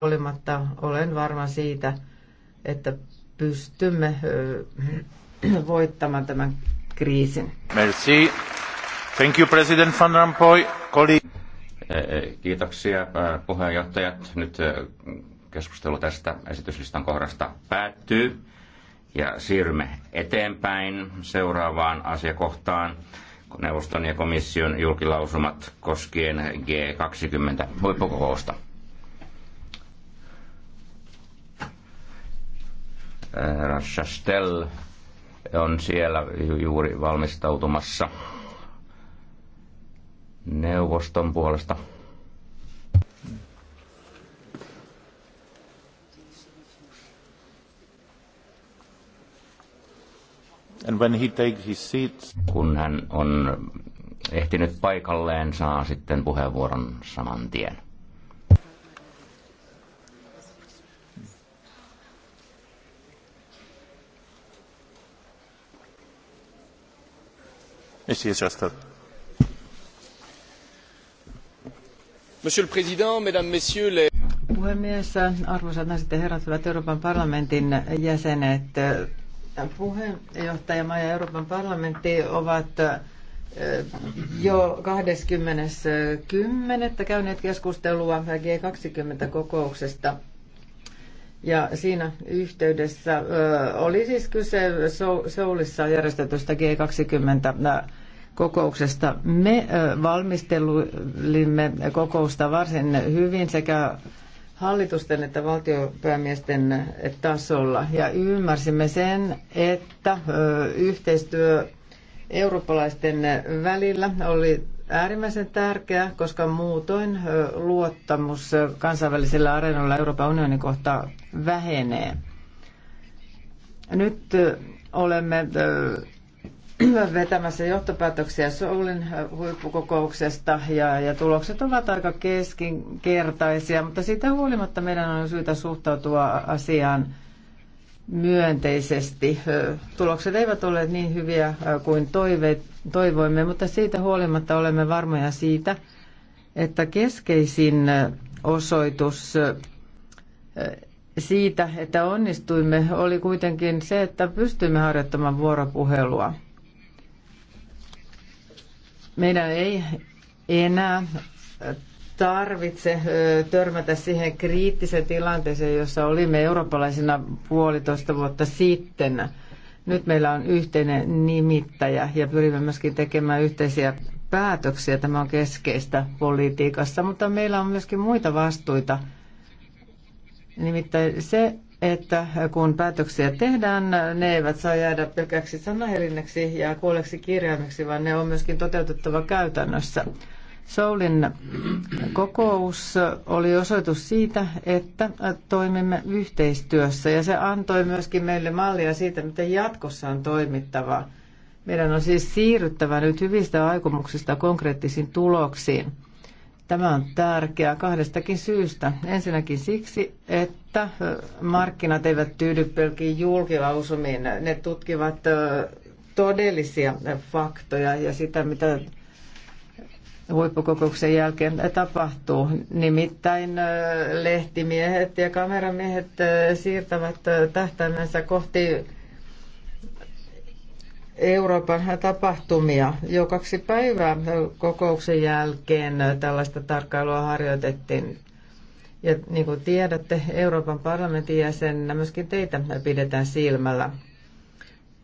huolimatta olen varma siitä, että pystymme voittamaan tämän kriisin. Merci. Thank you, President Van Rompuy. E, e, kiitoksia puheenjohtajat. Nyt keskustelu tästä esityslistan kohdasta päättyy ja siirrymme eteenpäin seuraavaan asiakohtaan neuvoston ja komission julkilausumat koskien G20 huippukokousta. herra Chastel on siellä juuri valmistautumassa neuvoston puolesta. And when he take his seat... Kun hän on ehtinyt paikalleen, saa sitten puheenvuoron saman tien. monsieur le président mesdames et messieurs les puhemies arvoisat naiset ja herrat hyvät euroopan parlamentin jäsenet puheenjohtajamaa ja euroopan parlamentti ovat jo kahdeskymmenes kymmenettä käyneet keskustelua g kaksikymmentä kokouksesta Ja siinä yhteydessä oli siis kyse Soulissa järjestetystä g kaksikymmentä kokouksesta. Me valmistelimme kokousta varsin hyvin sekä hallitusten että valtiopäämiesten tasolla ja ymmärsimme sen, että yhteistyö eurooppalaisten välillä oli äärimmäisen tärkeä, koska muutoin luottamus kansainvälisillä areenoilla Euroopan unionin kohta vähenee. Nyt olemme vetämässä johtopäätöksiä Soulin äh, huippukokouksesta ja, ja tulokset ovat aika keskinkertaisia, mutta siitä huolimatta meidän on syytä suhtautua asiaan myönteisesti. Äh, tulokset eivät ole niin hyviä äh, kuin toive, toivoimme, mutta siitä huolimatta olemme varmoja siitä, että keskeisin osoitus siitä, että onnistuimme, oli kuitenkin se, että pystyimme harjoittamaan vuoropuhelua. Meidän ei enää tarvitse törmätä siihen kriittiseen tilanteeseen, jossa olimme eurooppalaisina puolitoista vuotta sitten. Nyt meillä on yhteinen nimittäjä ja pyrimme myöskin tekemään yhteisiä päätöksiä. Tämä on keskeistä politiikassa, mutta meillä on myöskin muita vastuita. Nimittäin se, että kun päätöksiä tehdään, ne eivät saa jäädä pelkäksi sanahelinneksi ja kuolleksi kirjaimeksi, vaan ne on myöskin toteutettava käytännössä. Soulin kokous oli osoitus siitä, että toimimme yhteistyössä ja se antoi myöskin meille mallia siitä, miten jatkossa on toimittava. Meidän on siis siirryttävä nyt hyvistä aikomuksista konkreettisiin tuloksiin. Tämä on tärkeää kahdestakin syystä. Ensinnäkin siksi, että markkinat eivät tyydy pelkiin julkilausumiin. Ne tutkivat todellisia faktoja ja sitä, mitä huippukokouksen jälkeen tapahtuu. Nimittäin lehtimiehet ja kameramiehet siirtävät tähtäimensä kohti Euroopan tapahtumia. Jo kaksi päivää kokouksen jälkeen tällaista tarkkailua harjoitettiin. Ja niin kuin tiedätte, Euroopan parlamentin jäsenenä myöskin teitä pidetään silmällä.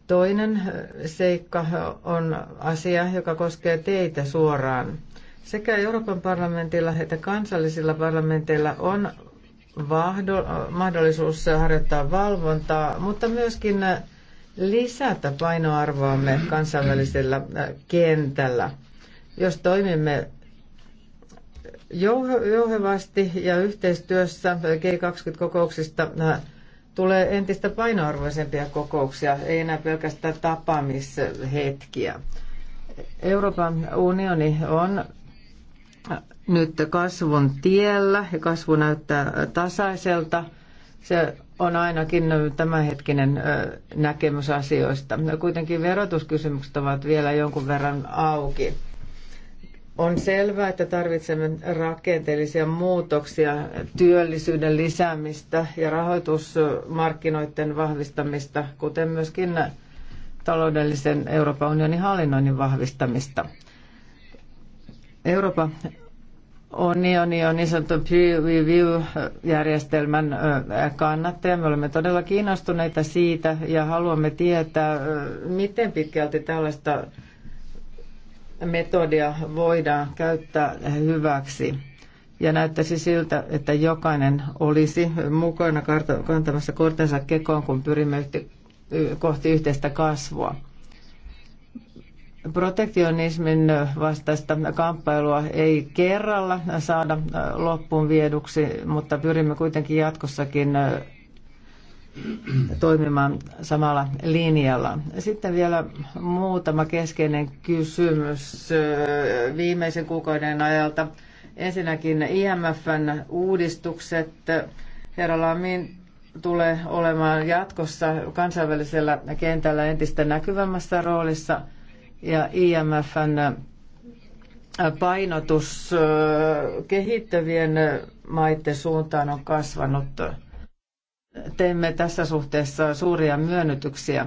Toinen seikka on asia, joka koskee teitä suoraan. Sekä Euroopan parlamentilla että kansallisilla parlamenteilla on mahdollisuus harjoittaa valvontaa, mutta myöskin lisätä painoarvoamme kansainvälisellä äh, kentällä. Jos toimimme jouhevasti ja yhteistyössä G20-kokouksista äh, tulee entistä painoarvoisempia kokouksia, ei enää pelkästään tapaamishetkiä. Euroopan unioni on äh, nyt kasvun tiellä ja kasvu näyttää tasaiselta – se on ainakin tämänhetkinen näkemys asioista. No, kuitenkin verotuskysymykset ovat vielä jonkun verran auki. On selvää, että tarvitsemme rakenteellisia muutoksia, työllisyyden lisäämistä ja rahoitusmarkkinoiden vahvistamista, kuten myöskin taloudellisen Euroopan unionin hallinnoinnin vahvistamista. Euroopan unioni on niin sanottu peer review-järjestelmän kannattaja. Me olemme todella kiinnostuneita siitä ja haluamme tietää, miten pitkälti tällaista metodia voidaan käyttää hyväksi. Ja näyttäisi siltä, että jokainen olisi mukana kantamassa kortensa kekoon, kun pyrimme kohti yhteistä kasvua. Protektionismin vastaista kamppailua ei kerralla saada äh, loppuun vieduksi, mutta pyrimme kuitenkin jatkossakin äh, toimimaan samalla linjalla. Sitten vielä muutama keskeinen kysymys äh, viimeisen kuukauden ajalta. Ensinnäkin IMFn uudistukset. Herra Lamin tulee olemaan jatkossa kansainvälisellä kentällä entistä näkyvämmässä roolissa – ja IMFn äh, painotus äh, kehittävien maiden suuntaan on kasvanut. Teemme tässä suhteessa suuria myönnytyksiä,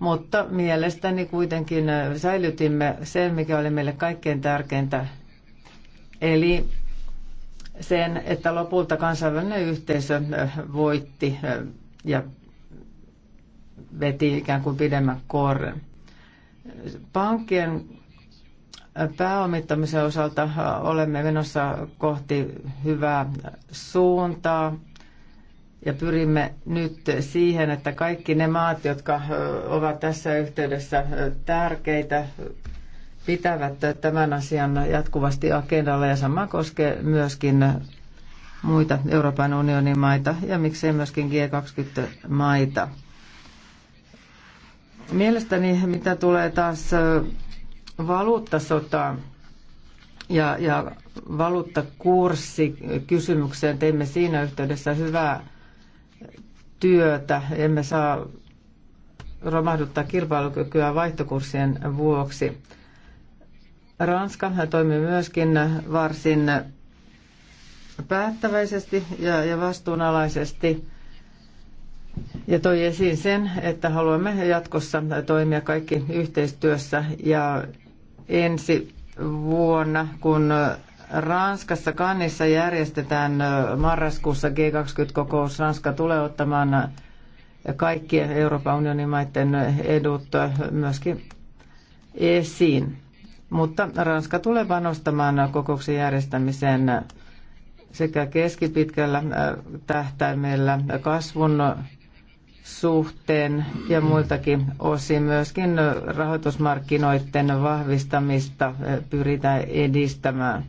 mutta mielestäni kuitenkin äh, säilytimme sen, mikä oli meille kaikkein tärkeintä, eli sen, että lopulta kansainvälinen yhteisö voitti ja veti ikään kuin pidemmän korren pankkien pääomittamisen osalta äh, olemme menossa kohti hyvää suuntaa ja pyrimme nyt siihen, että kaikki ne maat, jotka äh, ovat tässä yhteydessä äh, tärkeitä, pitävät tämän asian jatkuvasti agendalla ja sama koskee myöskin muita Euroopan unionin maita ja miksei myöskin G20-maita. Mielestäni mitä tulee taas valuuttasotaan ja, ja valuuttakurssikysymykseen, teimme siinä yhteydessä hyvää työtä. Emme saa romahduttaa kilpailukykyä vaihtokurssien vuoksi. Ranska toimi myöskin varsin päättäväisesti ja, ja vastuunalaisesti ja toi esiin sen, että haluamme jatkossa toimia kaikki yhteistyössä ja ensi vuonna, kun Ranskassa kannissa järjestetään marraskuussa G20-kokous, Ranska tulee ottamaan kaikkien Euroopan unionin maiden edut myöskin esiin. Mutta Ranska tulee panostamaan kokouksen järjestämiseen sekä keskipitkällä tähtäimellä kasvun suhteen ja muiltakin osin myöskin rahoitusmarkkinoiden vahvistamista eh, pyritään edistämään.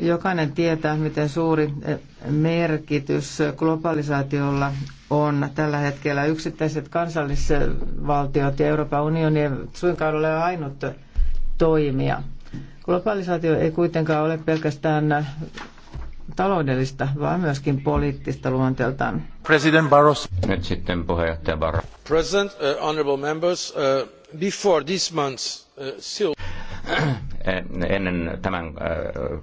Jokainen tietää, miten suuri eh, merkitys globalisaatiolla on tällä hetkellä. Yksittäiset kansallisvaltiot ja Euroopan unioni suinkaan ole ainut toimija. Globalisaatio ei kuitenkaan ole pelkästään taloudellista, vaan myöskin poliittista luonteeltaan. President Barros. Nyt sitten puheenjohtaja Barros. President, uh, honorable members, uh, before this month's uh, still... Ennen tämän uh,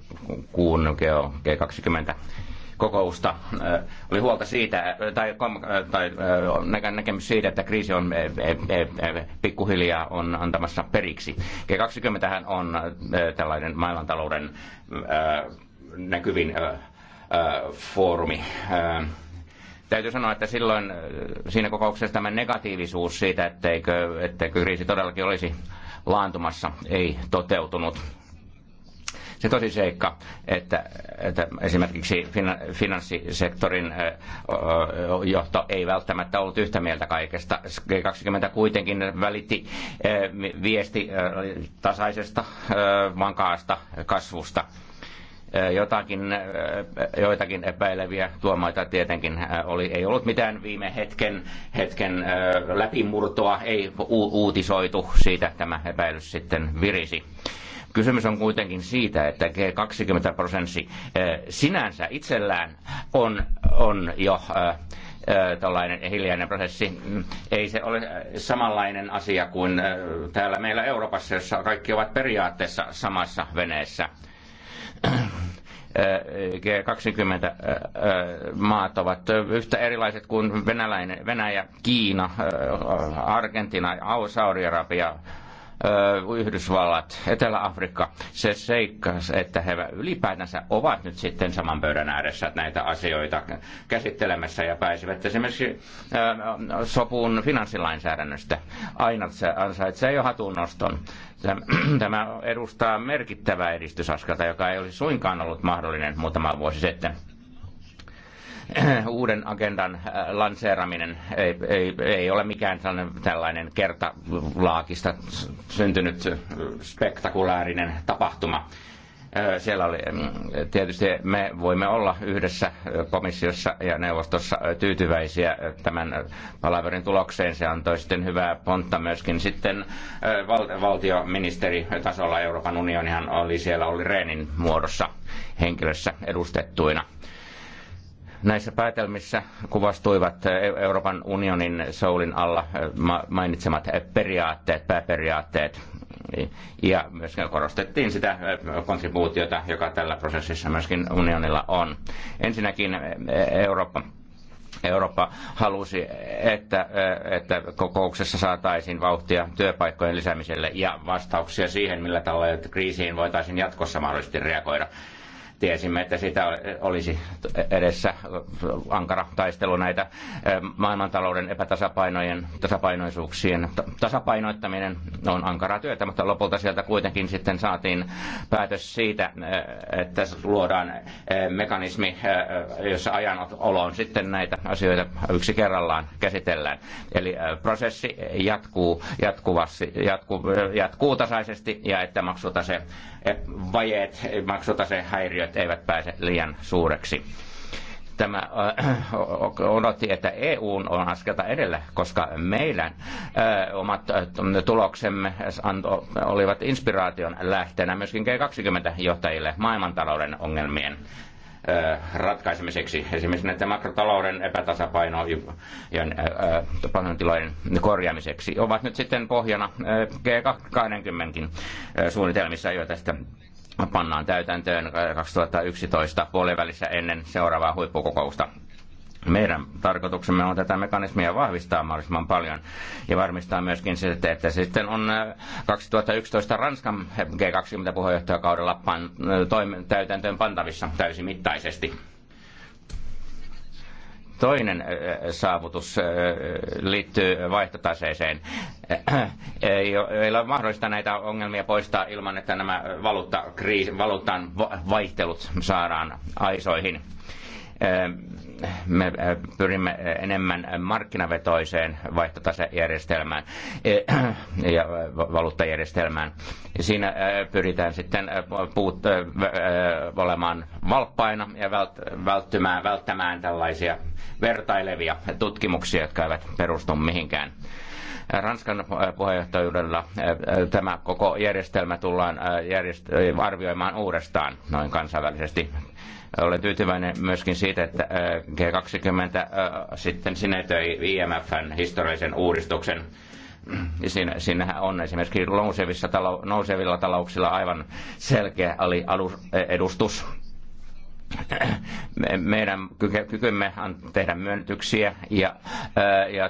kuun G20 kokousta uh, oli huolta siitä, uh, tai, uh, tai näkemys siitä, että kriisi on e, e, e, pikkuhiljaa on antamassa periksi. G20 on tällainen maailmantalouden näkyvin foorumi täytyy sanoa, että silloin siinä kokouksessa tämä negatiivisuus siitä, etteikö, etteikö kriisi todellakin olisi laantumassa, ei toteutunut. Se tosi seikka, että, että esimerkiksi finanssisektorin johto ei välttämättä ollut yhtä mieltä kaikesta. G20 kuitenkin välitti viesti tasaisesta, vankaasta kasvusta jotakin, joitakin epäileviä tuomaita tietenkin oli. Ei ollut mitään viime hetken, hetken läpimurtoa, ei uutisoitu siitä, tämä epäilys sitten virisi. Kysymys on kuitenkin siitä, että G20 prosentti sinänsä itsellään on, on jo tällainen hiljainen prosessi. Mm, ei se ole samanlainen asia kuin täällä meillä Euroopassa, jossa kaikki ovat periaatteessa samassa veneessä G20-maat ovat yhtä erilaiset kuin venäläinen, Venäjä, Kiina, Argentina, Saudi-Arabia, Yhdysvallat, Etelä-Afrikka, se seikka, että he ylipäätänsä ovat nyt sitten saman pöydän ääressä näitä asioita käsittelemässä ja pääsivät esimerkiksi sopuun finanssilainsäädännöstä. Aina se ansaitsee jo hatunnoston. Tämä edustaa merkittävää edistysaskelta, joka ei olisi suinkaan ollut mahdollinen muutama vuosi sitten. uuden agendan äh, lanseeraminen ei, ei, ei ole mikään tällainen kertalaakista syntynyt äh, spektakulaarinen tapahtuma. Äh, siellä oli, mm, tietysti me voimme olla yhdessä komissiossa ja neuvostossa tyytyväisiä tämän palaverin tulokseen. Se antoi sitten hyvää pontta myöskin sitten val- valtioministeritasolla. Euroopan unionihan oli siellä oli Reenin muodossa henkilössä edustettuina. Näissä päätelmissä kuvastuivat Euroopan unionin soulin alla eh, mainitsemat periaatteet, pääperiaatteet, ja myöskin korostettiin sitä eh, kontribuutiota, joka tällä prosessissa myöskin unionilla on. Ensinnäkin eh, Eurooppa Eurooppa halusi, että, että kokouksessa saataisiin vauhtia työpaikkojen lisäämiselle ja vastauksia siihen, millä tavalla kriisiin voitaisiin jatkossa mahdollisesti reagoida. Tiesimme, että sitä olisi edessä ankara taistelu näitä maailmantalouden epätasapainojen tasapainoisuuksien tasapainoittaminen on ankaraa työtä, mutta lopulta sieltä kuitenkin sitten saatiin päätös siitä, että luodaan mekanismi, jossa ajan oloon sitten näitä asioita yksi kerrallaan käsitellään. Eli prosessi jatkuu jatkuvasti, jatku, jatkuu tasaisesti ja että maksutase vajeet, maksutase häiriöt eivät, eivät pääse liian suureksi tämä äh, odotti, että EU on askelta edellä, koska meidän äh, omat äh, tuloksemme olivat inspiraation lähteenä myöskin G20-johtajille maailmantalouden ongelmien ratkaisemiseksi. Esimerkiksi näiden makrotalouden epätasapaino ja panontilojen korjaamiseksi ovat nyt sitten pohjana G20 suunnitelmissa, joita sitten pannaan täytäntöön 2011 puolivälissä ennen seuraavaa huippukokousta. Meidän tarkoituksemme on tätä mekanismia vahvistaa mahdollisimman paljon ja varmistaa myöskin se, että sitten on 2011 äh, Ranskan G20-puheenjohtajakaudella pan, äh, toim, täytäntöön pantavissa täysimittaisesti. Toinen saavutus liittyy vaihtotaseeseen. Ei ole mahdollista näitä ongelmia poistaa ilman, että nämä valuuttan vaihtelut saadaan aisoihin. Ehm, me eh, pyrimme eh, enemmän markkinavetoiseen vaihtotasejärjestelmään eh, ja valuuttajärjestelmään. Siinä pyritään sitten puut, olemaan valppaina ja välttymään, välttämään tällaisia vertailevia tutkimuksia, jotka eivät perustu mihinkään. Ranskan puheenjohtajuudella tämä koko järjestelmä tullaan arvioimaan uudestaan noin kansainvälisesti olen tyytyväinen myöskin siitä, että G20 sitten sinetöi IMFn historiallisen uudistuksen siinä, siinähän on esimerkiksi nousevissa talou, nousevilla talouksilla aivan selkeä alus, e, edustus. Meidän kykymme on tehdä myönnytyksiä ja, ja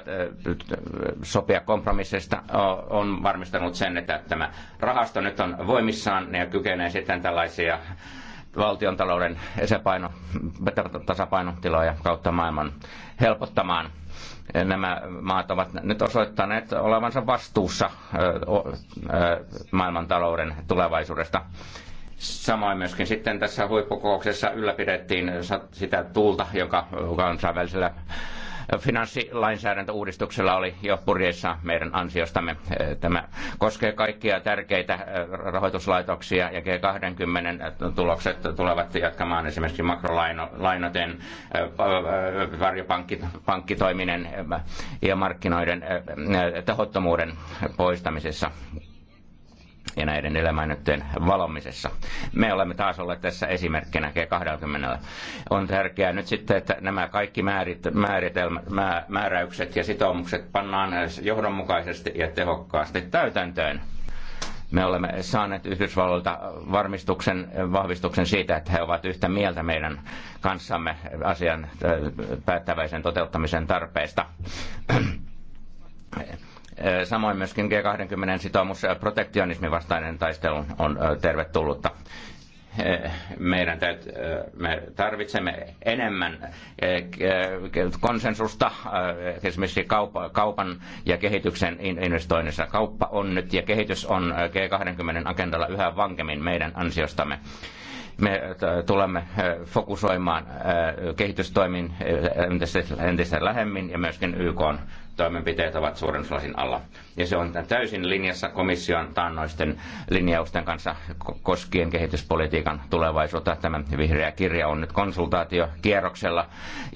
sopia kompromissista on varmistanut sen, että tämä rahasto nyt on voimissaan ja kykenee sitten tällaisia valtion talouden esäpaino, tasapainotiloja kautta maailman helpottamaan. Nämä maat ovat nyt osoittaneet olevansa vastuussa maailmantalouden tulevaisuudesta. Samoin myöskin sitten tässä huippukokouksessa ylläpidettiin sitä tuulta, joka kansainvälisellä Finanssilainsäädäntöuudistuksella oli jo purjeissa meidän ansiostamme. Tämä koskee kaikkia tärkeitä rahoituslaitoksia ja G20 tulokset tulevat jatkamaan esimerkiksi makrolainoten, varjopankkitoiminen ja markkinoiden tehottomuuden poistamisessa ja näiden elämännytteen valomisessa. Me olemme taas olleet tässä esimerkkinä G20. On tärkeää nyt sitten, että nämä kaikki määrit, määritelmät, määräykset ja sitoumukset pannaan johdonmukaisesti ja tehokkaasti täytäntöön. Me olemme saaneet Yhdysvalloilta varmistuksen, vahvistuksen siitä, että he ovat yhtä mieltä meidän kanssamme asian äh, päättäväisen toteuttamisen tarpeesta. Samoin myöskin G20-sitoumus protektionismin vastainen taistelu on tervetullutta meidän täyt, me tarvitsemme enemmän konsensusta esimerkiksi kaupan ja kehityksen investoinnissa. Kauppa on nyt ja kehitys on G20-agendalla yhä vankemmin meidän ansiostamme. Me tulemme fokusoimaan kehitystoimin entistä lähemmin ja myöskin YK toimenpiteet ovat suurennuslasin alla ja se on täysin linjassa komission taannoisten linjausten kanssa koskien kehityspolitiikan tulevaisuutta. Tämä vihreä kirja on nyt konsultaatiokierroksella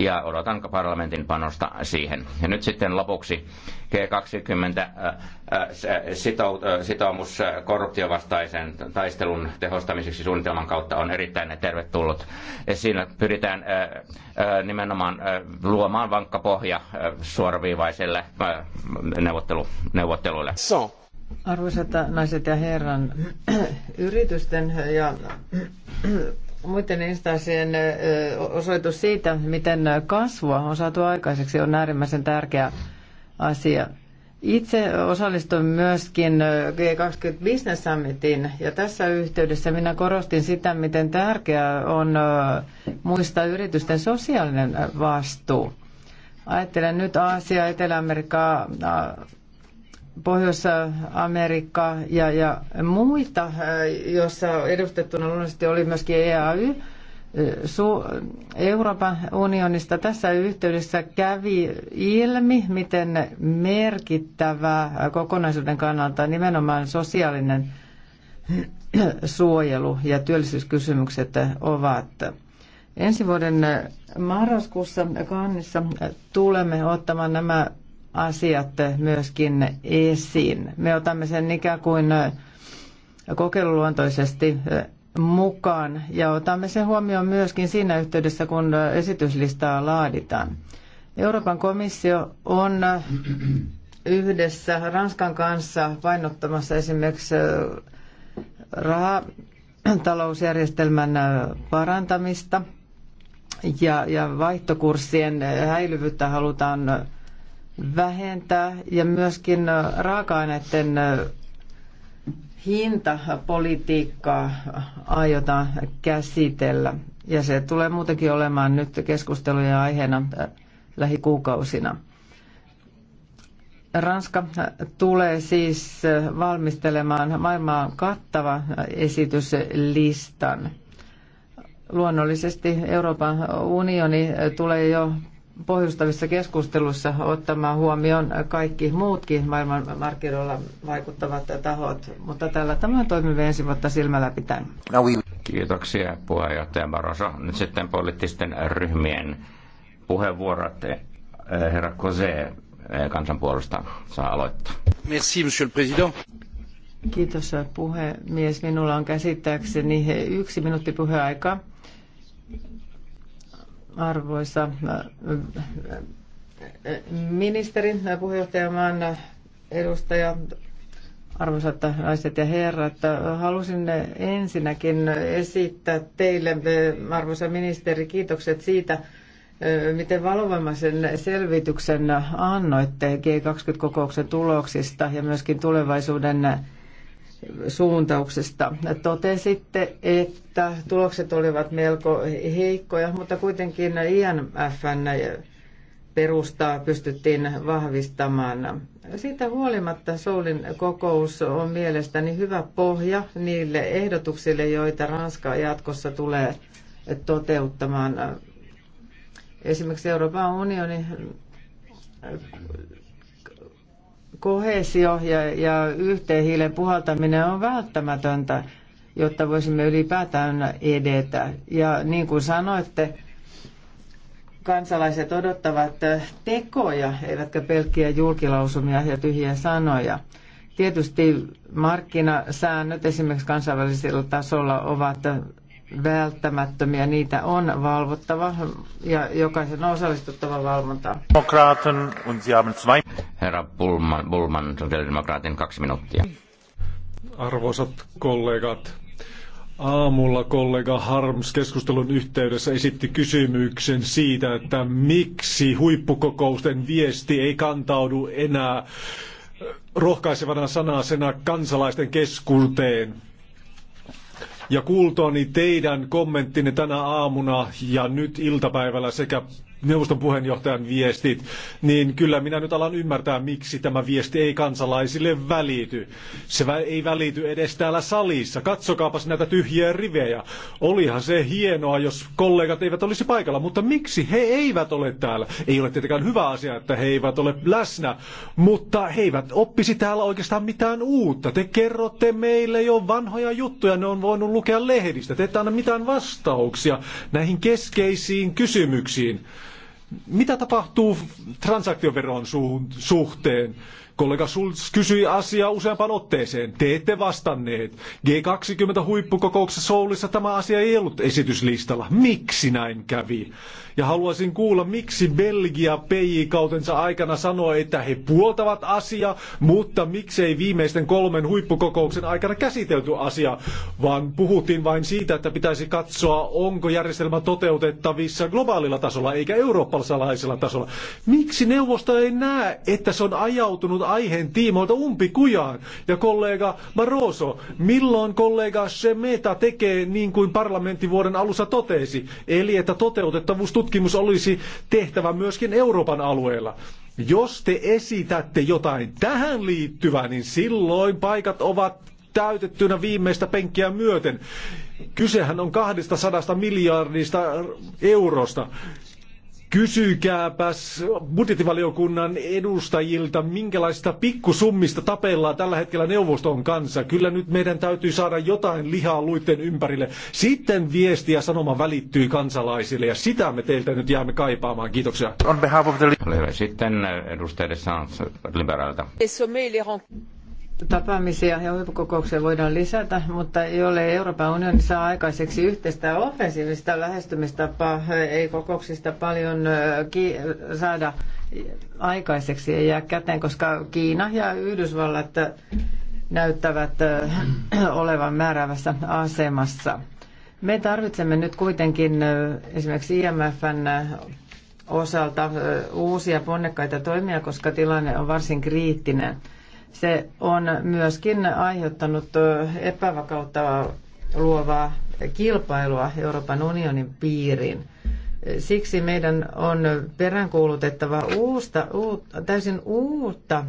ja odotan parlamentin panosta siihen. Ja nyt sitten lopuksi G20 äh, äh, äh, sitoumus korruptiovastaisen taistelun tehostamiseksi suunnitelman kautta on erittäin tervetullut. Siinä pyritään nimenomaan luomaan vankka pohja suoraviivaiselle neuvottelu, neuvottelu neuvotteluille. Arvoisat naiset ja herran, yritysten ja muiden instanssien osoitus siitä, miten kasvua on saatu aikaiseksi, on äärimmäisen tärkeä asia. Itse osallistuin myöskin G20 Business Summitin ja tässä yhteydessä minä korostin sitä, miten tärkeää on muistaa yritysten sosiaalinen vastuu. Ajattelen nyt Aasia, Etelä-Amerikkaa, pohjois Amerikka ja, ja muita, äh, joissa edustettuna luonnollisesti oli myöskin EAY, äh, Euroopan unionista tässä yhteydessä kävi ilmi, miten merkittävä kokonaisuuden kannalta nimenomaan sosiaalinen suojelu ja työllisyyskysymykset ovat. Ensi vuoden marraskuussa kannissa tulemme ottamaan nämä asiat myöskin esiin. Me otamme sen ikään kuin kokeiluluontoisesti mukaan ja otamme sen huomioon myöskin siinä yhteydessä, kun esityslistaa laaditaan. Euroopan komissio on yhdessä Ranskan kanssa painottamassa esimerkiksi rahatalousjärjestelmän parantamista ja, ja vaihtokurssien häilyvyyttä halutaan vähentää ja myöskin äh, raaka-aineiden äh, hintapolitiikkaa aiotaan käsitellä. Ja se tulee muutenkin olemaan nyt keskustelujen aiheena äh, lähikuukausina. Ranska tulee siis valmistelemaan maailmaa kattava esityslistan. Luonnollisesti Euroopan unioni tulee jo pohjustavissa keskusteluissa ottamaan huomioon kaikki muutkin maailman markkinoilla vaikuttavat tahot, mutta tällä tämä toimii ensi vuotta silmällä pitäen. No, Kiitoksia puheenjohtaja Baroso. Nyt sitten poliittisten ryhmien puheenvuorot. Eh, herra Kose eh, kansanpuolusta saa aloittaa. Merci, monsieur le président. Kiitos puhemies. Minulla on käsittääkseni yksi minuutti puheaikaa. Arvoisa ministeri, puheenjohtajamaan edustaja, arvoisat naiset ja herrat, halusin ensinnäkin esittää teille, arvoisa ministeri, kiitokset siitä, miten valovoimaisen selvityksen annoitte G20-kokouksen tuloksista ja myöskin tulevaisuuden suuntauksesta. Totesitte, että tulokset olivat melko heikkoja, mutta kuitenkin IMFn perustaa pystyttiin vahvistamaan. Siitä huolimatta Soulin kokous on mielestäni hyvä pohja niille ehdotuksille, joita Ranska jatkossa tulee toteuttamaan. Esimerkiksi Euroopan unioni kohesio ja, ja yhteen hiilen puhaltaminen on välttämätöntä, jotta voisimme ylipäätään edetä. Ja niin kuin sanoitte, kansalaiset odottavat tekoja, eivätkä pelkkiä julkilausumia ja tyhjiä sanoja. Tietysti markkinasäännöt esimerkiksi kansainvälisellä tasolla ovat välttämättömiä. Niitä on valvottava ja jokaisen on osallistuttava valvontaan. Herra Bulman, Bulman sosiaalidemokraatin kaksi minuuttia. Arvoisat kollegat, Aamulla kollega Harms keskustelun yhteydessä esitti kysymyksen siitä, että miksi huippukokousten viesti ei kantaudu enää rohkaisevana sanasena kansalaisten keskuuteen. Ja kuultuani teidän kommenttinne tänä aamuna ja nyt iltapäivällä sekä neuvoston puheenjohtajan viestit, niin kyllä minä nyt alan ymmärtää, miksi tämä viesti ei kansalaisille välity. Se ei välity edes täällä salissa. Katsokaapas näitä tyhjiä rivejä. Olihan se hienoa, jos kollegat eivät olisi paikalla, mutta miksi he eivät ole täällä? Ei ole tietenkään hyvä asia, että he eivät ole läsnä, mutta he eivät oppisi täällä oikeastaan mitään uutta. Te kerrotte meille jo vanhoja juttuja, ne on voinut lukea lehdistä. Te ette anna mitään vastauksia näihin keskeisiin kysymyksiin. Mitä tapahtuu transaktioveron suhteen? Kollega Schulz kysyi asiaa useampaan otteeseen. Te ette vastanneet. G20-huippukokouksessa Soulissa tämä asia ei ollut esityslistalla. Miksi näin kävi? Ja haluaisin kuulla, miksi Belgia PJ kautensa aikana sanoi, että he puoltavat asiaa, mutta miksei viimeisten kolmen huippukokouksen aikana käsitelty asiaa, vaan puhuttiin vain siitä, että pitäisi katsoa, onko järjestelmä toteutettavissa globaalilla tasolla eikä eurooppalaisella tasolla. Miksi neuvosto ei näe, että se on ajautunut aiheen tiimoilta umpikujaan? Ja kollega Barroso, milloin kollega Semeta tekee niin kuin parlamentti vuoden alussa totesi, eli että toteutettavuus tutkimus olisi tehtävä myöskin Euroopan alueella. Jos te esitätte jotain tähän liittyvää, niin silloin paikat ovat täytettynä viimeistä penkkiä myöten. Kysehän on 200 miljardista eurosta. Kysykääpäs budjettivaliokunnan edustajilta, minkälaista pikkusummista tapellaan tällä hetkellä neuvoston kanssa. Kyllä nyt meidän täytyy saada jotain lihaa luitten ympärille. Sitten viesti ja sanoma välittyy kansalaisille ja sitä me teiltä nyt jäämme kaipaamaan. Kiitoksia. On behalf of the... Sitten edustajille Sanz tapaamisia ja huippukokouksia voidaan lisätä, mutta jolle Euroopan unioni saa aikaiseksi yhteistä offensiivista lähestymistapaa, ei kokouksista paljon saada aikaiseksi, ei jää käteen, koska Kiina ja Yhdysvallat näyttävät olevan määräävässä asemassa. Me tarvitsemme nyt kuitenkin esimerkiksi IMFn osalta uusia ponnekkaita toimia, koska tilanne on varsin kriittinen. Se on myöskin aiheuttanut epävakautta luovaa kilpailua Euroopan unionin piiriin. Siksi meidän on peräänkuulutettava uusta, uutta, täysin uutta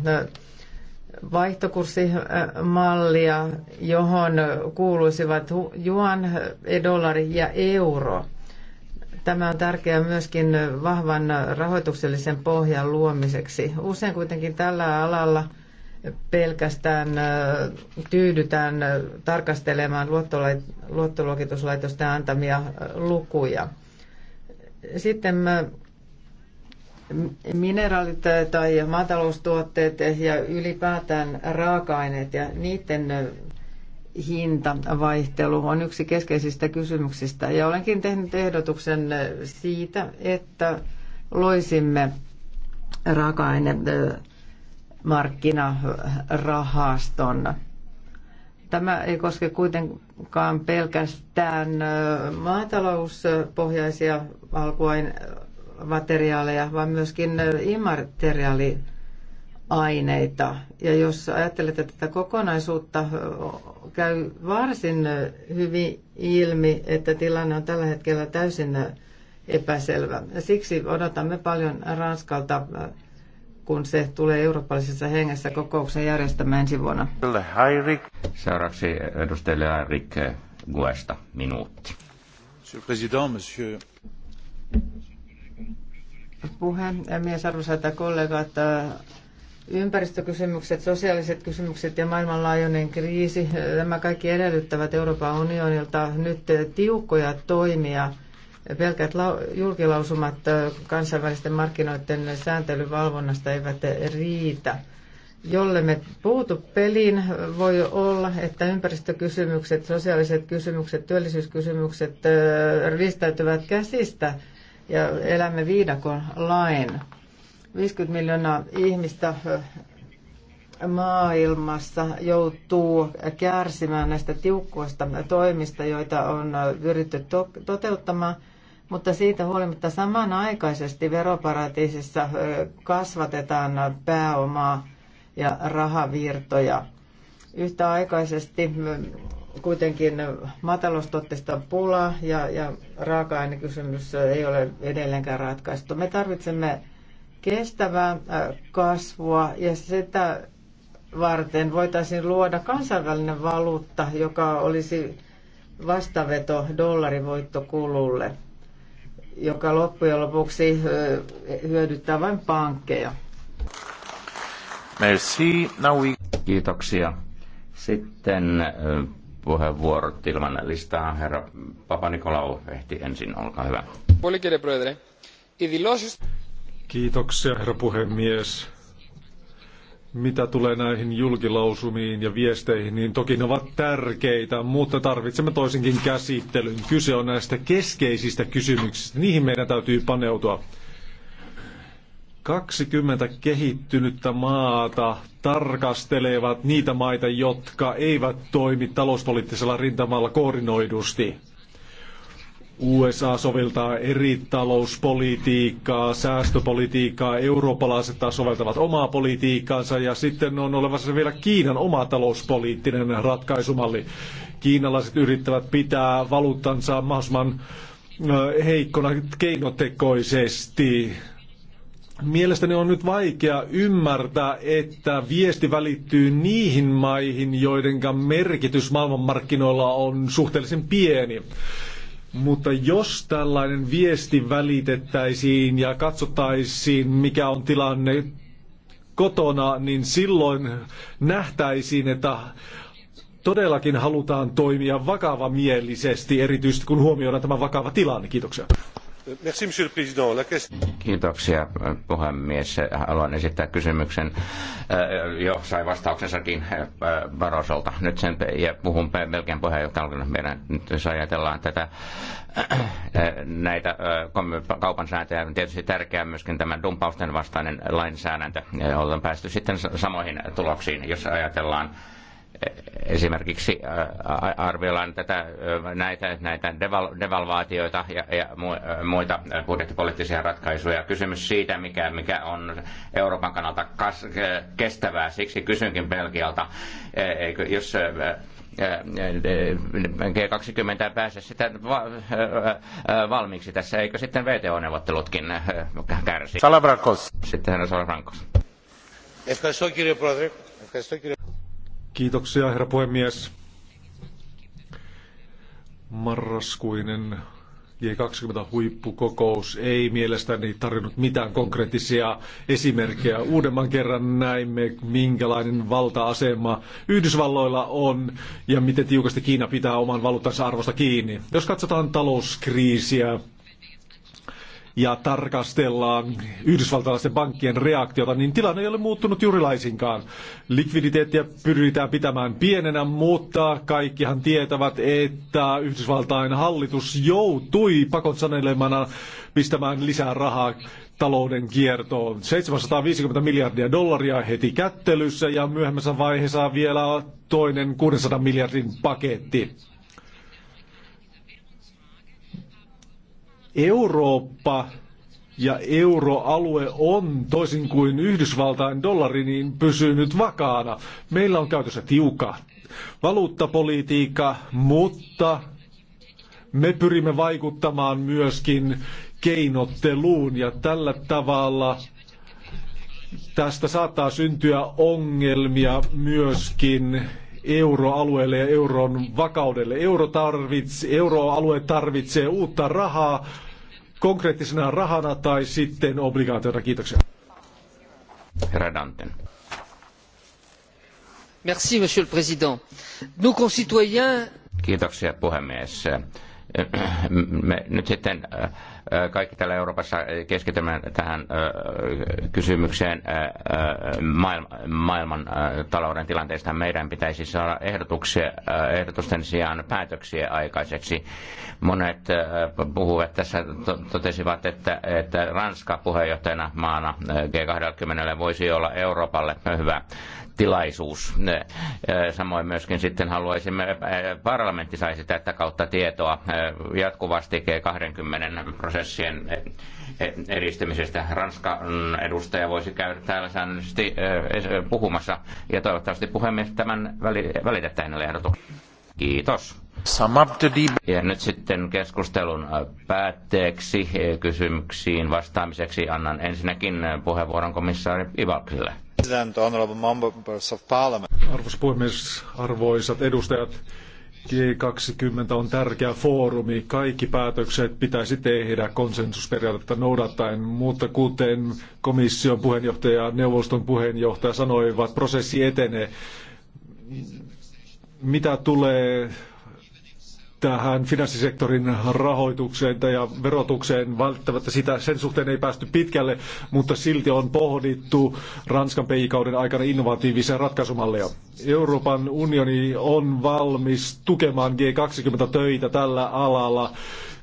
vaihtokurssimallia, johon kuuluisivat juan, dollari ja euro. Tämä on tärkeää myöskin vahvan rahoituksellisen pohjan luomiseksi. Usein kuitenkin tällä alalla – pelkästään tyydytään tarkastelemaan luottoluokituslaitosten antamia lukuja. Sitten mineraalit tai maataloustuotteet ja ylipäätään raaka-aineet ja niiden hintavaihtelu on yksi keskeisistä kysymyksistä. Ja olenkin tehnyt ehdotuksen siitä, että loisimme raaka aineet markkinarahaston. Tämä ei koske kuitenkaan pelkästään maatalouspohjaisia materiaaleja, vaan myöskin immateriaaliaineita. Ja jos ajattelette tätä kokonaisuutta, käy varsin hyvin ilmi, että tilanne on tällä hetkellä täysin epäselvä. Siksi odotamme paljon Ranskalta kun se tulee eurooppalaisessa hengessä kokouksen järjestämään ensi vuonna. Seuraavaksi edustajalle Rick Guesta minuutti. Monsieur President, Monsieur puhemies, arvoisat kollegat, ympäristökysymykset, sosiaaliset kysymykset ja maailmanlaajuinen kriisi, nämä kaikki edellyttävät Euroopan unionilta nyt tiukkoja toimia – Pelkät julkilausumat kansainvälisten markkinoiden sääntelyvalvonnasta eivät riitä. Jolle me puutu peliin, voi olla, että ympäristökysymykset, sosiaaliset kysymykset, työllisyyskysymykset riistäytyvät käsistä ja elämme viidakon lain. 50 miljoonaa ihmistä maailmassa joutuu kärsimään näistä tiukkoista toimista, joita on yritetty to- toteuttamaan, mutta siitä huolimatta samanaikaisesti veroparatiisissa kasvatetaan pääomaa ja rahavirtoja. Yhtä aikaisesti kuitenkin maataloustuotteista pula ja, ja raaka-ainekysymys ei ole edelleenkään ratkaistu. Me tarvitsemme kestävää kasvua ja sitä varten voitaisiin luoda kansainvälinen valuutta, joka olisi vastaveto dollarivoittokululle, joka loppujen lopuksi hyödyttää vain pankkeja. Merci. Now we... Kiitoksia. Sitten puheenvuorot ilman listaa. Herra Papa Nikolau ehti ensin, olkaa hyvä. Kiitoksia, herra puhemies mitä tulee näihin julkilausumiin ja viesteihin, niin toki ne ovat tärkeitä, mutta tarvitsemme toisenkin käsittelyn. Kyse on näistä keskeisistä kysymyksistä. Niihin meidän täytyy paneutua. 20 kehittynyttä maata tarkastelevat niitä maita, jotka eivät toimi talouspoliittisella rintamalla koordinoidusti. USA soveltaa eri talouspolitiikkaa, säästöpolitiikkaa, eurooppalaiset taas soveltavat omaa politiikkaansa ja sitten on olemassa vielä Kiinan oma talouspoliittinen ratkaisumalli. Kiinalaiset yrittävät pitää valuuttansa mahdollisimman heikkona keinotekoisesti. Mielestäni on nyt vaikea ymmärtää, että viesti välittyy niihin maihin, joidenka merkitys maailmanmarkkinoilla on suhteellisen pieni. Mutta jos tällainen viesti välitettäisiin ja katsottaisiin, mikä on tilanne kotona, niin silloin nähtäisiin, että todellakin halutaan toimia vakavamielisesti, erityisesti kun huomioidaan tämä vakava tilanne. Kiitoksia. Kiitoksia puhemies. Haluan esittää kysymyksen. Eh, jo sai vastauksensakin eh, Barosolta. Nyt sen ja puhun Belgian puheenjohtajana. Meidän nyt jos ajatellaan tätä, eh, näitä kaupan sääntöjä, on tietysti tärkeää myöskin tämä dumpausten vastainen lainsäädäntö. Ollaan päästy sitten samoihin tuloksiin, jos ajatellaan esimerkiksi arvioidaan tätä, näitä, näitä devalvaatioita ja, ja muita budjettipoliittisia ratkaisuja. Kysymys siitä, mikä, mikä on Euroopan kannalta kas, kestävää. Siksi kysynkin Belgialta, eikö, jos G20 pääse sitä valmiiksi tässä, eikö sitten VTO-neuvottelutkin kärsi? Salavrakos. Sitten herra Salavrakos. Ευχαριστώ κύριε Πρόεδρε. Ευχαριστώ κύριε Kiitoksia, herra puhemies. Marraskuinen G20-huippukokous ei mielestäni tarjonnut mitään konkreettisia esimerkkejä. Uudemman kerran näimme, minkälainen valta-asema Yhdysvalloilla on ja miten tiukasti Kiina pitää oman valuuttansa arvosta kiinni. Jos katsotaan talouskriisiä, ja tarkastellaan yhdysvaltalaisten pankkien reaktiota, niin tilanne ei ole muuttunut juuri laisinkaan. Likviditeettiä pyritään pitämään pienenä, mutta kaikkihan tietävät, että Yhdysvaltain hallitus joutui pakon sanelemana pistämään lisää rahaa talouden kiertoon. 750 miljardia dollaria heti kättelyssä ja myöhemmässä vaiheessa vielä toinen 600 miljardin paketti. Eurooppa ja euroalue on, toisin kuin Yhdysvaltain dollari, niin pysynyt vakaana. Meillä on käytössä tiukka valuuttapolitiikka, mutta me pyrimme vaikuttamaan myöskin keinotteluun ja tällä tavalla tästä saattaa syntyä ongelmia myöskin euroalueelle ja euron vakaudelle. Euro tarvitse, euroalue tarvitsee uutta rahaa, konkreettisena rahana tai sitten obligaatiota Kiitoksia. Herra Danten. Merci, monsieur le président. Nos concitoyens... Kiitoksia puhemies. Äh, äh, me nyt sitten äh, kaikki täällä Euroopassa keskitymään tähän kysymykseen maailman talouden tilanteesta. Meidän pitäisi saada ehdotuksia, ehdotusten sijaan päätöksiä aikaiseksi. Monet puhuvat tässä, totesivat, että, että Ranska puheenjohtajana maana G20 voisi olla Euroopalle hyvä tilaisuus. Eh, samoin myöskin sitten haluaisimme, eh, parlamentti saisi tätä kautta tietoa eh, jatkuvasti 20 prosessien edistämisestä. Ranskan edustaja voisi käydä täällä säännöllisesti puhumassa ja toivottavasti puhemies tämän välitettäen hänelle ehdotuksen. Kiitos. Ja nyt sitten keskustelun päätteeksi kysymyksiin vastaamiseksi annan ensinnäkin puheenvuoron komissaari Ivalksille. Arvoisa puhemies, arvoisat edustajat, G20 on tärkeä foorumi. Kaikki päätökset pitäisi tehdä konsensusperiaatetta noudattaen, mutta kuten komission puheenjohtaja ja neuvoston puheenjohtaja sanoivat, prosessi etenee. Mitä tulee tähän finanssisektorin rahoitukseen ja verotukseen. Välttämättä sitä, sen suhteen ei päästy pitkälle, mutta silti on pohdittu Ranskan peikauden aikana innovatiivisia ratkaisumalleja. Euroopan unioni on valmis tukemaan G20-töitä tällä alalla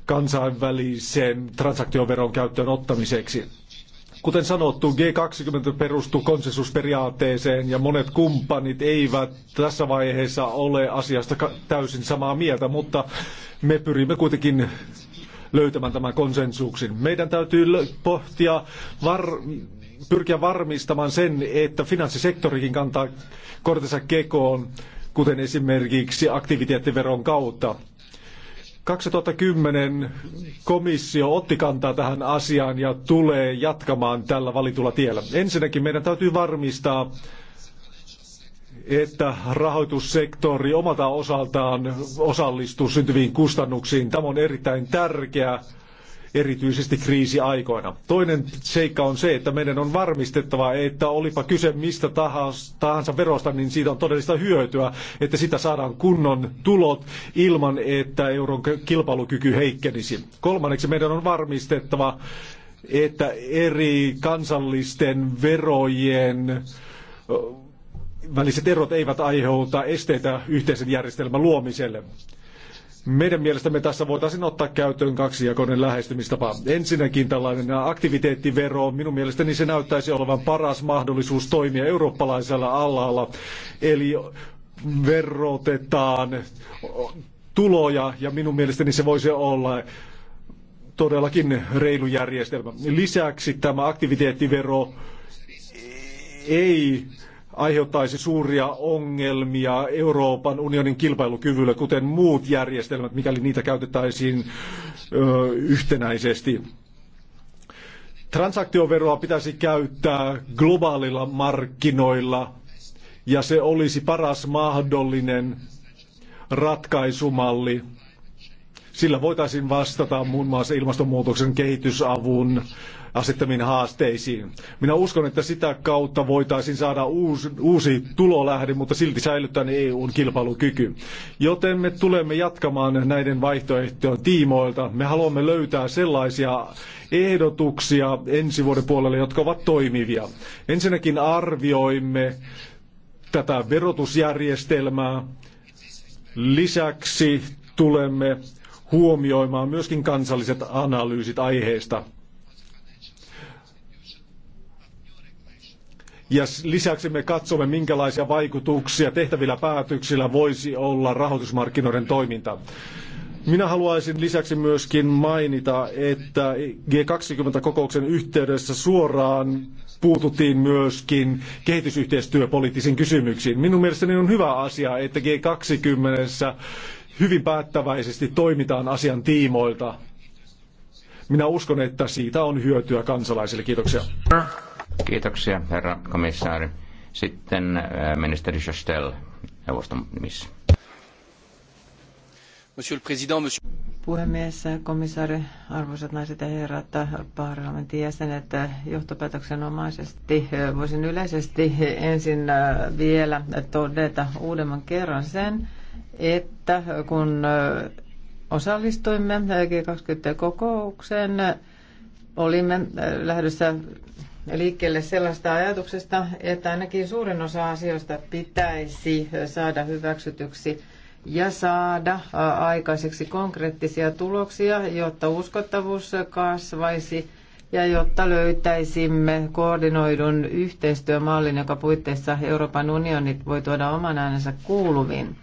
kansainvälisen transaktioveron käyttöön ottamiseksi. Kuten sanottu, G20 perustuu konsensusperiaatteeseen ja monet kumppanit eivät tässä vaiheessa ole asiasta täysin samaa mieltä, mutta me pyrimme kuitenkin löytämään tämän konsensuksen. Meidän täytyy pohtia var pyrkiä varmistamaan sen, että finanssisektorikin kantaa kortensa kekoon, kuten esimerkiksi aktiviteettiveron kautta. 2010 komissio otti kantaa tähän asiaan ja tulee jatkamaan tällä valitulla tiellä. Ensinnäkin meidän täytyy varmistaa, että rahoitussektori omalta osaltaan osallistuu syntyviin kustannuksiin. Tämä on erittäin tärkeää erityisesti kriisiaikoina. Toinen seikka on se, että meidän on varmistettava, että olipa kyse mistä tahansa verosta, niin siitä on todellista hyötyä, että sitä saadaan kunnon tulot ilman, että euron kilpailukyky heikkenisi. Kolmanneksi meidän on varmistettava, että eri kansallisten verojen väliset erot eivät aiheuta esteitä yhteisen järjestelmän luomiselle. Meidän mielestämme tässä voitaisiin ottaa käyttöön kaksijakoinen lähestymistapa. Ensinnäkin tällainen aktiviteettivero, minun mielestäni se näyttäisi olevan paras mahdollisuus toimia eurooppalaisella alalla, eli verotetaan tuloja ja minun mielestäni se voisi olla todellakin reilu järjestelmä. Lisäksi tämä aktiviteettivero ei aiheuttaisi suuria ongelmia Euroopan unionin kilpailukyvylle, kuten muut järjestelmät, mikäli niitä käytettäisiin ö, yhtenäisesti. Transaktioveroa pitäisi käyttää globaalilla markkinoilla ja se olisi paras mahdollinen ratkaisumalli. Sillä voitaisiin vastata muun muassa ilmastonmuutoksen kehitysavun asettamiin haasteisiin. Minä uskon, että sitä kautta voitaisiin saada uusi, uusi tulolähde, mutta silti EU EUn kilpailukyky. Joten me tulemme jatkamaan näiden vaihtoehtojen tiimoilta. Me haluamme löytää sellaisia ehdotuksia ensi vuoden puolelle, jotka ovat toimivia. Ensinnäkin arvioimme tätä verotusjärjestelmää. Lisäksi tulemme huomioimaan myöskin kansalliset analyysit aiheesta. Ja lisäksi me katsomme, minkälaisia vaikutuksia tehtävillä päätöksillä voisi olla rahoitusmarkkinoiden toimintaan. Minä haluaisin lisäksi myöskin mainita, että G20-kokouksen yhteydessä suoraan puututtiin myöskin kehitysyhteistyöpoliittisiin kysymyksiin. Minun mielestäni on hyvä asia, että G20 hyvin päättäväisesti toimitaan asian tiimoilta. Minä uskon, että siitä on hyötyä kansalaisille. Kiitoksia. Kiitoksia, herra komissaari. Sitten äh, ministeri Schöstel neuvoston nimissä. Monsieur le Président, monsieur... Puhemies, komissaari, arvoisat naiset ja herrat, parlamentin jäsenet, johtopäätöksenomaisesti äh, voisin yleisesti ensin äh, vielä todeta uudemman kerran sen, että kun osallistuimme G20-kokoukseen, olimme lähdössä liikkeelle sellaista ajatuksesta, että ainakin suurin osa asioista pitäisi saada hyväksytyksi ja saada aikaiseksi konkreettisia tuloksia, jotta uskottavuus kasvaisi ja jotta löytäisimme koordinoidun yhteistyömallin, joka puitteissa Euroopan unionit voi tuoda oman äänensä kuuluviin.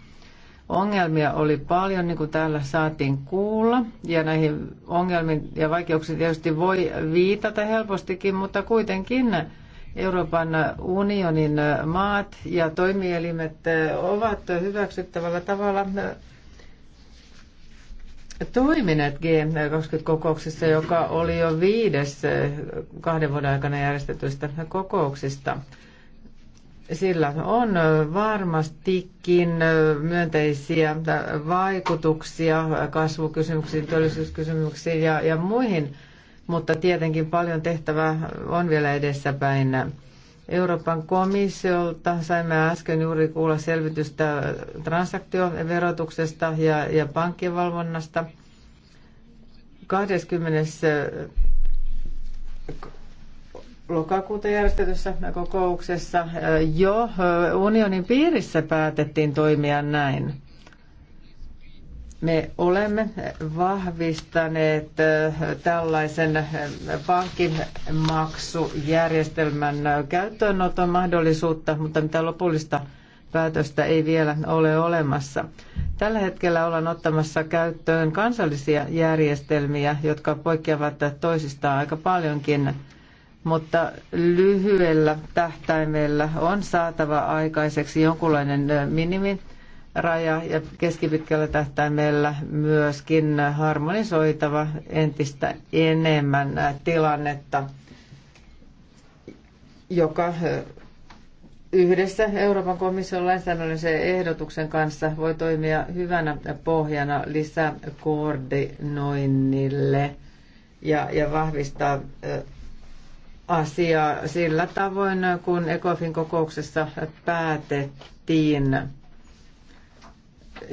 Ongelmia oli paljon, niin kuin täällä saatiin kuulla, ja näihin ongelmiin ja vaikeuksiin tietysti voi viitata helpostikin, mutta kuitenkin Euroopan unionin maat ja toimielimet ovat hyväksyttävällä tavalla toimineet g 20 kokouksissa joka oli jo viides kahden vuoden aikana järjestetyistä kokouksista. Sillä on varmastikin myönteisiä vaikutuksia kasvukysymyksiin, työllisyyskysymyksiin ja, ja muihin, mutta tietenkin paljon tehtävää on vielä edessäpäin. Euroopan komissiolta saimme äsken juuri kuulla selvitystä transaktioverotuksesta ja, ja pankkivalvonnasta. 20 lokakuuta järjestetyssä kokouksessa jo unionin piirissä päätettiin toimia näin. Me olemme vahvistaneet tällaisen pankkimaksujärjestelmän käyttöönoton mahdollisuutta, mutta mitä lopullista päätöstä ei vielä ole olemassa. Tällä hetkellä ollaan ottamassa käyttöön kansallisia järjestelmiä, jotka poikkeavat toisistaan aika paljonkin mutta lyhyellä tähtäimellä on saatava aikaiseksi jonkunlainen minimiraja ja keskipitkällä tähtäimellä myöskin harmonisoitava entistä enemmän tilannetta, joka yhdessä Euroopan komission lainsäädännöllisen ehdotuksen kanssa voi toimia hyvänä pohjana lisäkoordinoinnille ja, ja vahvistaa asiaa sillä tavoin, kun ECOFIN kokouksessa päätettiin.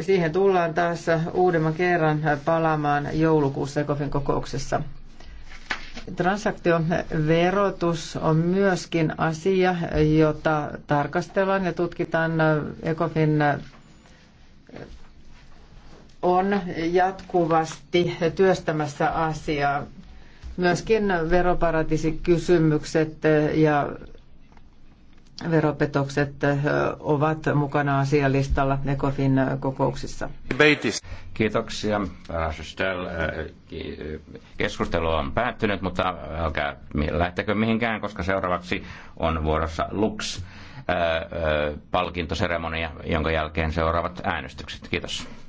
Siihen tullaan taas uudemman kerran palaamaan joulukuussa ECOFIN kokouksessa. Transaktioverotus on myöskin asia, jota tarkastellaan ja tutkitaan. ECOFIN on jatkuvasti työstämässä asiaa myöskin veroparatiisikysymykset ja veropetokset ovat mukana asialistalla ECOFIN kokouksissa. Kiitoksia. Äh, äh, äh, keskustelu on päättynyt, mutta älkää lähtekö mihinkään, koska seuraavaksi on vuorossa Lux palkintoseremonia, jonka jälkeen seuraavat äänestykset. Kiitos.